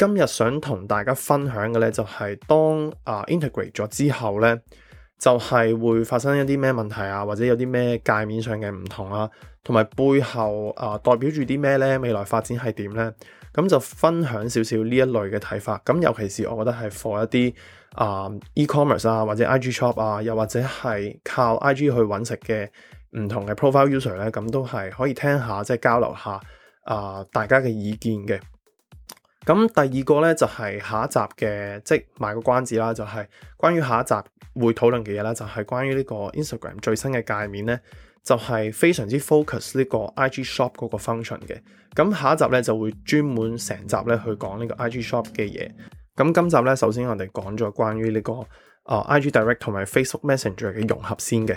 今日想同大家分享嘅呢，就係當啊 integrate 咗之後呢，就係會發生一啲咩問題啊，或者有啲咩界面上嘅唔同啊，同埋背後啊代表住啲咩呢？未來發展係點呢？咁就分享少少呢一類嘅睇法。咁尤其是我覺得係 for 一啲啊 e-commerce 啊，或者 IG shop 啊，又或者係靠 IG 去揾食嘅唔同嘅 profile user 呢，咁都係可以聽下即係交流下啊大家嘅意見嘅。咁第二個呢，就係下一集嘅，即係賣個關子啦，就係關於下一集會討論嘅嘢啦。就係關於呢個 Instagram 最新嘅界面呢，就係非常之 focus 呢個 IG Shop 嗰個 function 嘅。咁下一集呢，就會專門成集呢去講呢個 IG Shop 嘅嘢。咁今集呢，首先我哋講咗關於呢個啊，呃，IG Direct 同埋 Facebook Messenger 嘅融合先嘅。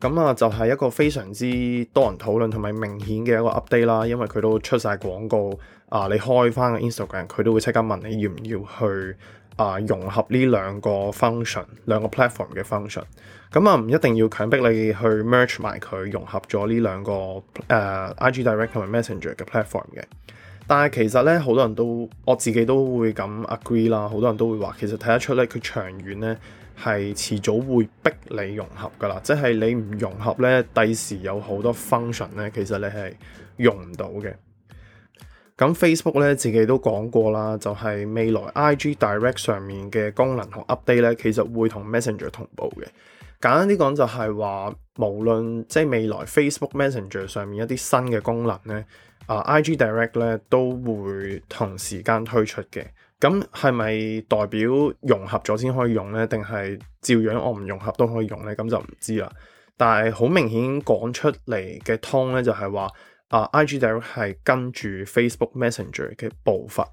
咁啊、嗯，就係、是、一個非常之多人討論同埋明顯嘅一個 update 啦，因為佢都出晒廣告啊、呃，你開返個 Instagram，佢都會即刻問你要唔要去啊、呃、融合呢兩個 function，兩個 platform 嘅 function。咁、嗯、啊，唔、嗯、一定要強迫你去 merge 埋佢融合咗呢兩個誒、呃、IG Direct 同埋 Messenger 嘅 platform 嘅。但係其實咧，好多人都，我自己都會咁 agree 啦。好多人都會話，其實睇得出咧，佢長遠咧。係遲早會逼你融合㗎啦，即係你唔融合咧，第時有好多 function 咧，其實你係用唔到嘅。咁 Facebook 咧，自己都講過啦，就係未來 IG Direct 上面嘅功能同 update 咧，其實會同 Messenger 同步嘅。簡單啲講就係話，無論即係未來 Facebook Messenger 上面一啲新嘅功能咧，啊 IG Direct 咧都會同時間推出嘅。咁係咪代表融合咗先可以用呢？定係照樣我唔融合都可以用呢？咁就唔知啦。但係好明顯講出嚟嘅通呢，就係話啊，IG 大陸係跟住 Facebook Messenger 嘅步伐。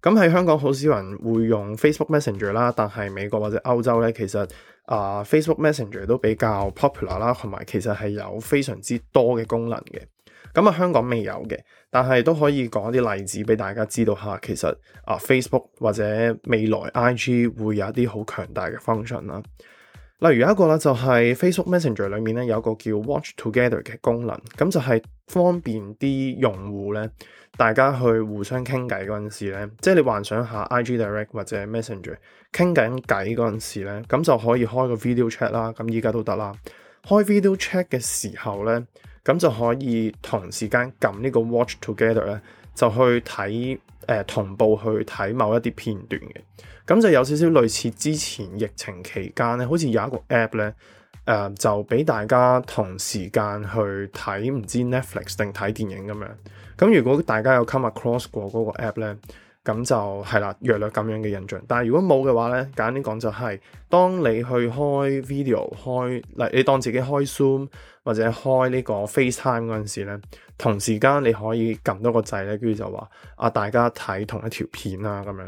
咁喺香港好少人會用 Facebook Messenger 啦，但係美國或者歐洲呢，其實啊 Facebook Messenger 都比較 popular 啦，同埋其實係有非常之多嘅功能嘅。咁啊，香港未有嘅，但係都可以講一啲例子俾大家知道下。其實啊，Facebook 或者未來 IG 會有一啲好強大嘅 function 啦。例如一個咧，就係 Facebook Messenger 裏面咧有個叫 Watch Together 嘅功能，咁就係方便啲用戶咧，大家去互相傾偈嗰陣時咧，即係你幻想下 IG Direct 或者 Messenger 傾緊偈嗰陣時咧，咁就可以開個 video chat 啦。咁依家都得啦，開 video chat 嘅時候咧。咁就可以同時間撳呢個 Watch Together 咧，就去睇誒、呃、同步去睇某一啲片段嘅。咁就有少少類似之前疫情期間咧，好似有一個 App 咧，誒、呃、就俾大家同時間去睇唔知 Netflix 定睇電影咁樣。咁如果大家有 come across 過嗰個 App 咧？咁就係啦，約略咁樣嘅印象。但係如果冇嘅話咧，簡單啲講就係、是，當你去開 video、開，嗱、呃、你當自己開 zoom 或者開個呢個 FaceTime 嗰陣時咧，同時間你可以撳多個掣咧，跟住就話啊，大家睇同一條片啊咁樣。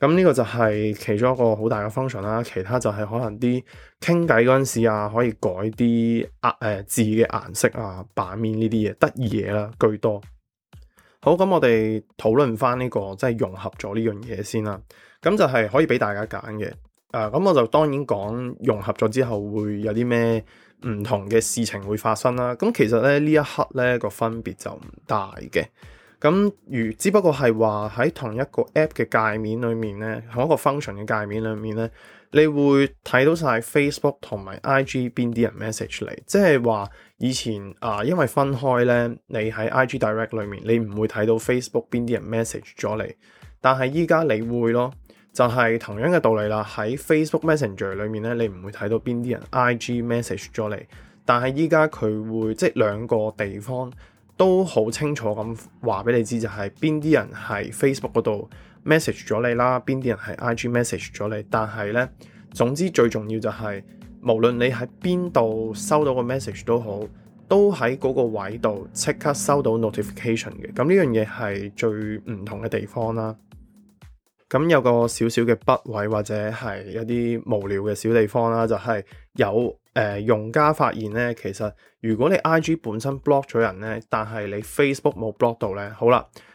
咁呢個就係其中一個好大嘅 function 啦。其他就係可能啲傾偈嗰陣時啊，可以改啲顏誒字嘅顏色啊、版面呢啲嘢，得意嘢啦居多。好，咁我哋討論翻呢個即係融合咗呢樣嘢先啦。咁就係可以俾大家揀嘅。誒、呃，咁我就當然講融合咗之後會有啲咩唔同嘅事情會發生啦。咁其實咧呢一刻咧個分別就唔大嘅。咁如只不過係話喺同一個 app 嘅界面裏面咧，同一個 function 嘅界面裏面咧。你會睇到晒 Facebook 同埋 IG 邊啲人 message 嚟，即係話以前啊，因為分開呢，你喺 IG Direct 裏面你唔會睇到 Facebook 邊啲人 message 咗你，但係依家你會咯，就係同樣嘅道理啦。喺 Facebook Messenger 裏面呢，你唔會睇到邊啲人 IG message 咗你，但係依家佢會，即係兩個地方都好清楚咁話俾你知，就係邊啲人喺 Facebook 嗰度 message 咗你啦，邊啲人係 IG message 咗你。但係咧，總之最重要就係、是，無論你喺邊度收到個 message 都好，都喺嗰個位度即刻收到 notification 嘅。咁呢樣嘢係最唔同嘅地方啦。咁有個少少嘅 bug 位或者係一啲無聊嘅小地方啦，就係、是、有誒、呃、用家發現咧，其實如果你 IG 本身 block 咗人咧，但係你 Facebook 冇 block 到咧，好啦。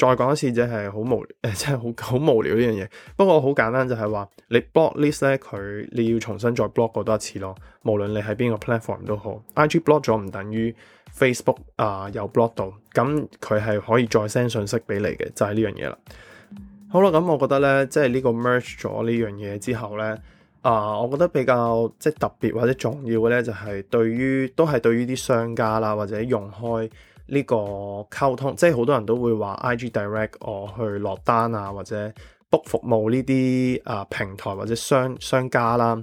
再講一次，即係好無誒，即係好好無聊呢樣嘢。不過好簡單就，就係話你 block list 咧，佢你要重新再 block 過多一次咯。無論你喺邊個 platform 都好，IG block 咗唔等於 Facebook 啊、呃、又 block 到，咁佢係可以再 send 信息俾你嘅，就係呢樣嘢啦。嗯、好啦，咁我覺得咧，即係呢個 merge 咗呢樣嘢之後咧，啊、呃，我覺得比較即係特別或者重要嘅咧，就係、是、對於都係對於啲商家啦，或者用開。呢個溝通，即係好多人都會話 IG Direct，我去落單啊，或者 book 服務呢啲啊平台或者商商家啦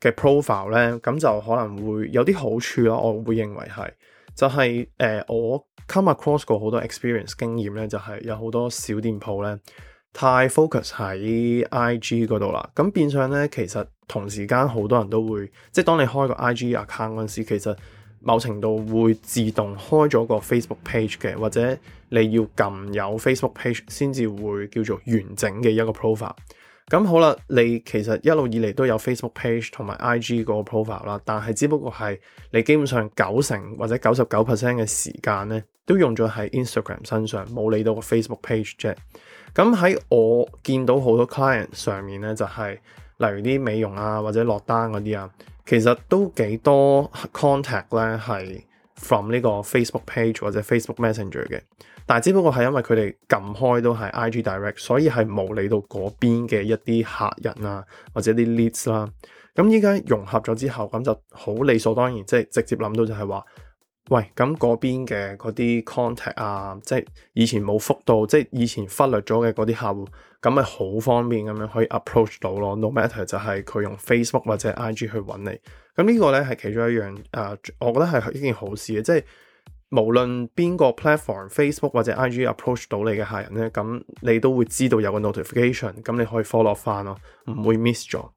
嘅 profile 咧，咁就可能會有啲好處咯。我會認為係，就係誒我 come across 過好多 experience 經驗咧，就係有好多小店鋪咧太 focus 喺 IG 嗰度啦，咁變相咧其實同時間好多人都會，即係當你開個 IG account 嗰陣時，其實。某程度會自動開咗個 Facebook page 嘅，或者你要撳有 Facebook page 先至會叫做完整嘅一個 profile。咁好啦，你其實一路以嚟都有 Facebook page 同埋 IG 嗰個 profile 啦，但係只不過係你基本上九成或者九十九 percent 嘅時間咧，都用咗喺 Instagram 身上，冇理到個 Facebook page 啫。咁喺我見到好多 client 上面咧，就係。例如啲美容啊，或者落單嗰啲啊，其實都幾多 contact 咧，係 from 呢個 Facebook page 或者 Facebook Messenger 嘅。但係只不過係因為佢哋撳開都係 IG Direct，所以係冇理到嗰邊嘅一啲客人啊，或者啲 list 啦。咁依家融合咗之後，咁就好理所當然，即係直接諗到就係話。喂，咁嗰邊嘅嗰啲 contact 啊，即係以前冇覆到，即係以前忽略咗嘅嗰啲客戶，咁咪好方便咁樣可以 approach 到咯。No matter 就係佢用 Facebook 或者 IG 去揾你，咁呢個呢係其中一樣誒、啊，我覺得係一件好事嘅，即係無論邊個 platform，Facebook 或者 IG approach 到你嘅客人呢，咁你都會知道有個 notification，咁你可以 follow 翻咯，唔會 miss 咗。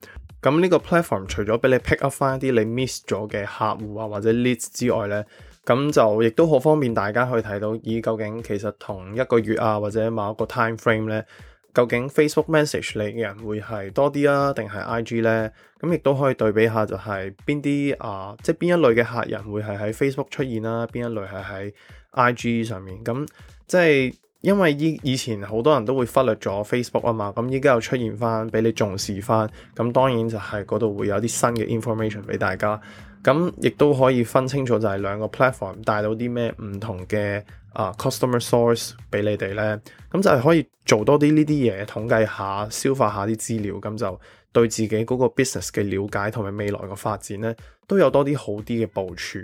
咁呢個 platform 除咗俾你 pick up 翻一啲你 miss 咗嘅客戶啊或者 leads 之外呢。咁就亦都好方便大家去睇到，咦？究竟其實同一個月啊，或者某一個 time frame 咧，究竟 Facebook message 嚟嘅人會係多啲啊，定係 IG 呢？咁亦都可以對比下，就係邊啲啊，即係邊一類嘅客人會係喺 Facebook 出現啦、啊，邊一類係喺 IG 上面？咁即係因為以以前好多人都會忽略咗 Facebook 啊嘛，咁依家又出現翻，俾你重視翻。咁當然就係嗰度會有啲新嘅 information 俾大家。咁亦都可以分清楚就係兩個 platform 帶到啲咩唔同嘅啊、uh, customer source 俾你哋咧，咁就係可以做多啲呢啲嘢，統計下，消化下啲資料，咁就對自己嗰個 business 嘅了解同埋未來個發展咧都有多啲好啲嘅部署。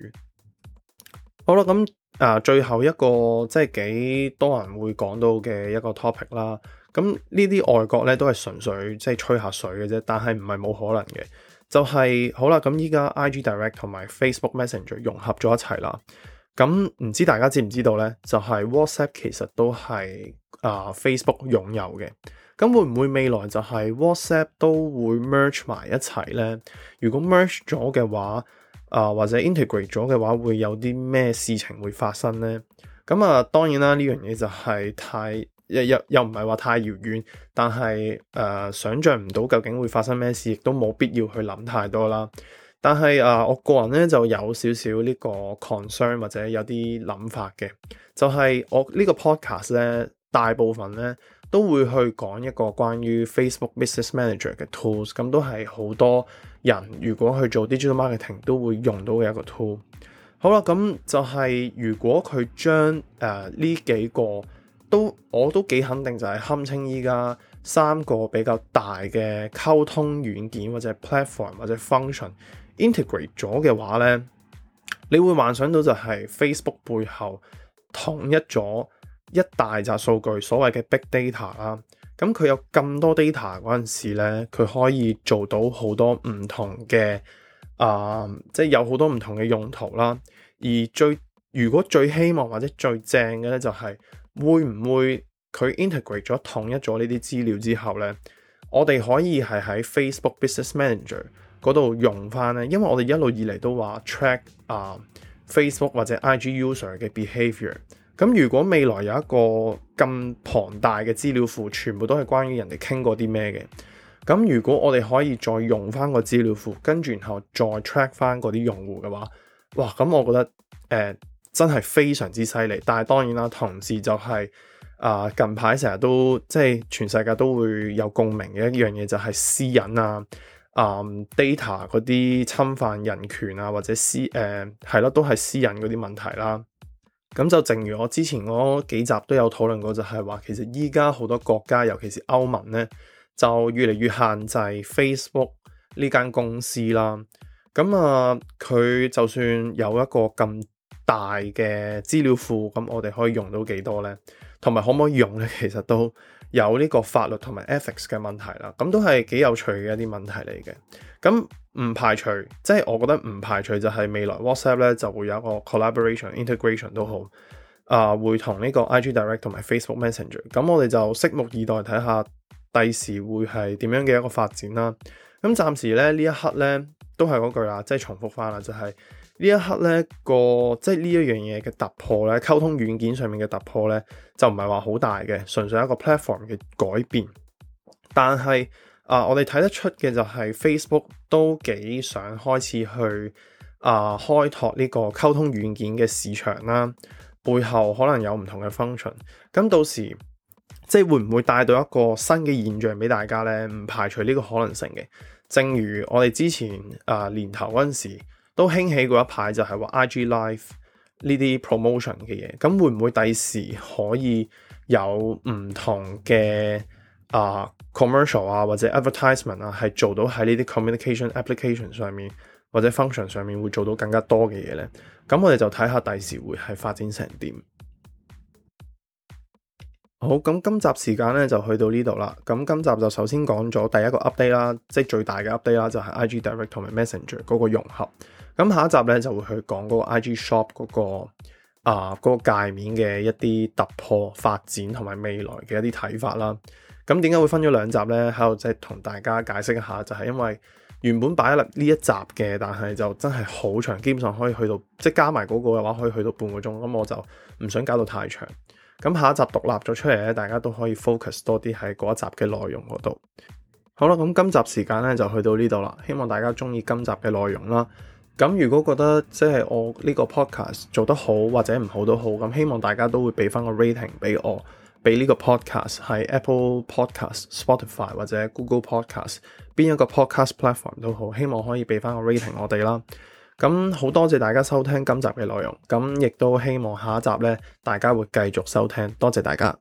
好啦，咁啊、uh, 最後一個即係幾多人會講到嘅一個 topic 啦。咁呢啲外國咧都係純粹即係吹下水嘅啫，但係唔係冇可能嘅。就係、是、好啦，咁依家 IG Direct 同埋 Facebook Messenger 融合咗一齊啦。咁、嗯、唔知大家知唔知道呢？就係、是、WhatsApp 其實都係啊、呃、Facebook 擁有嘅。咁、嗯、會唔會未來就係 WhatsApp 都會 merge 埋一齊呢？如果 merge 咗嘅話，啊、呃、或者 integrate 咗嘅話，會有啲咩事情會發生呢？咁、嗯、啊、呃、當然啦，呢樣嘢就係太～又又唔係話太遙遠，但係誒、呃、想像唔到究竟會發生咩事，亦都冇必要去諗太多啦。但係誒、呃，我個人咧就有少少呢個 concern 或者有啲諗法嘅，就係、是、我呢個 podcast 咧，大部分咧都會去講一個關於 Facebook Business Manager 嘅 tools，咁都係好多人如果去做 digital marketing 都會用到嘅一個 tool。好啦，咁就係如果佢將誒呢幾個。都我都幾肯定，就係堪稱依家三個比較大嘅溝通軟件或者 platform 或者 function integrate 咗嘅話呢，你會幻想到就係 Facebook 背後統一咗一大紮數據，所謂嘅 big data 啦。咁佢有咁多 data 嗰陣時呢，佢可以做到好多唔同嘅啊，即、呃、係、就係、有好多唔同嘅用途啦。而最如果最希望或者最正嘅呢、就係，就係會唔會佢 integrate 咗統一咗呢啲資料之後呢？我哋可以係喺 Facebook Business Manager 嗰度用翻呢？因為我哋一路以嚟都話 track 啊、uh, Facebook 或者 IG User 嘅 behavior。咁如果未來有一個咁龐大嘅資料庫，全部都係關於人哋傾過啲咩嘅，咁如果我哋可以再用翻個資料庫，跟住然後再 track 翻嗰啲用戶嘅話，哇！咁我覺得誒。Uh, 真係非常之犀利，但係當然啦，同時就係、是、啊、呃、近排成日都即係全世界都會有共鳴嘅一樣嘢，就係、是、私隱啊、啊、嗯、data 嗰啲侵犯人權啊，或者私誒係咯，都係私隱嗰啲問題啦。咁就正如我之前嗰幾集都有討論過就，就係話其實依家好多國家，尤其是歐盟咧，就越嚟越限制 Facebook 呢間公司啦。咁啊，佢就算有一個咁……大嘅資料庫，咁我哋可以用到幾多呢？同埋可唔可以用呢？其實都有呢個法律同埋 ethics 嘅問題啦。咁都係幾有趣嘅一啲問題嚟嘅。咁唔排除，即係我覺得唔排除，就係、是、未來 WhatsApp 咧就會有一個 collaboration integration 都好，啊、呃、會同呢個 IG Direct 同埋 Facebook Messenger。咁我哋就拭目以待看看，睇下第時會係點樣嘅一個發展啦。咁暫時咧呢一刻呢，都係嗰句啦，即係重複返啦，就係、是。呢一刻呢、嗰個即係呢一樣嘢嘅突破呢，溝通軟件上面嘅突破呢，就唔係話好大嘅，純粹一個 platform 嘅改變。但係啊、呃，我哋睇得出嘅就係 Facebook 都幾想開始去啊、呃、開拓呢個溝通軟件嘅市場啦，背後可能有唔同嘅 function。咁到時即係會唔會帶到一個新嘅現象俾大家呢？唔排除呢個可能性嘅。正如我哋之前啊、呃、年頭嗰陣時。都興起過一排，就係話 IG Live 呢啲 promotion 嘅嘢，咁會唔會第時可以有唔同嘅啊 uh, commercial 啊或者 advertisement 啊，係做到喺呢啲 communication application 上面或者 function 上面會做到更加多嘅嘢呢？咁我哋就睇下第時會係發展成點。好，咁今集時間咧就去到呢度啦。咁今集就首先講咗第一個 update 啦，即係最大嘅 update 啦，就係 IG Direct 同埋 Messenger 嗰個融合。咁下一集咧就會去講嗰個 IG Shop 嗰個啊嗰個界面嘅一啲突破發展同埋未來嘅一啲睇法啦。咁點解會分咗兩集呢？喺度即係同大家解釋一下，就係因為原本擺喺呢一集嘅，但係就真係好長，基本上可以去到即係加埋嗰個嘅話，可以去到半個鐘。咁我就唔想搞到太長。咁下一集獨立咗出嚟咧，大家都可以 focus 多啲喺嗰一集嘅內容嗰度。好啦，咁今集時間咧就去到呢度啦。希望大家中意今集嘅內容啦。咁如果覺得即係我呢個 podcast 做得好或者唔好都好，咁希望大家都會俾翻個 rating 俾我，俾呢個 Pod podcast 喺 Apple Podcast、Spotify 或者 Google Podcast 邊一個 podcast platform 都好，希望可以俾翻個 rating 我哋啦。咁好多謝大家收聽今集嘅內容，咁亦都希望下一集呢，大家會繼續收聽，多謝大家。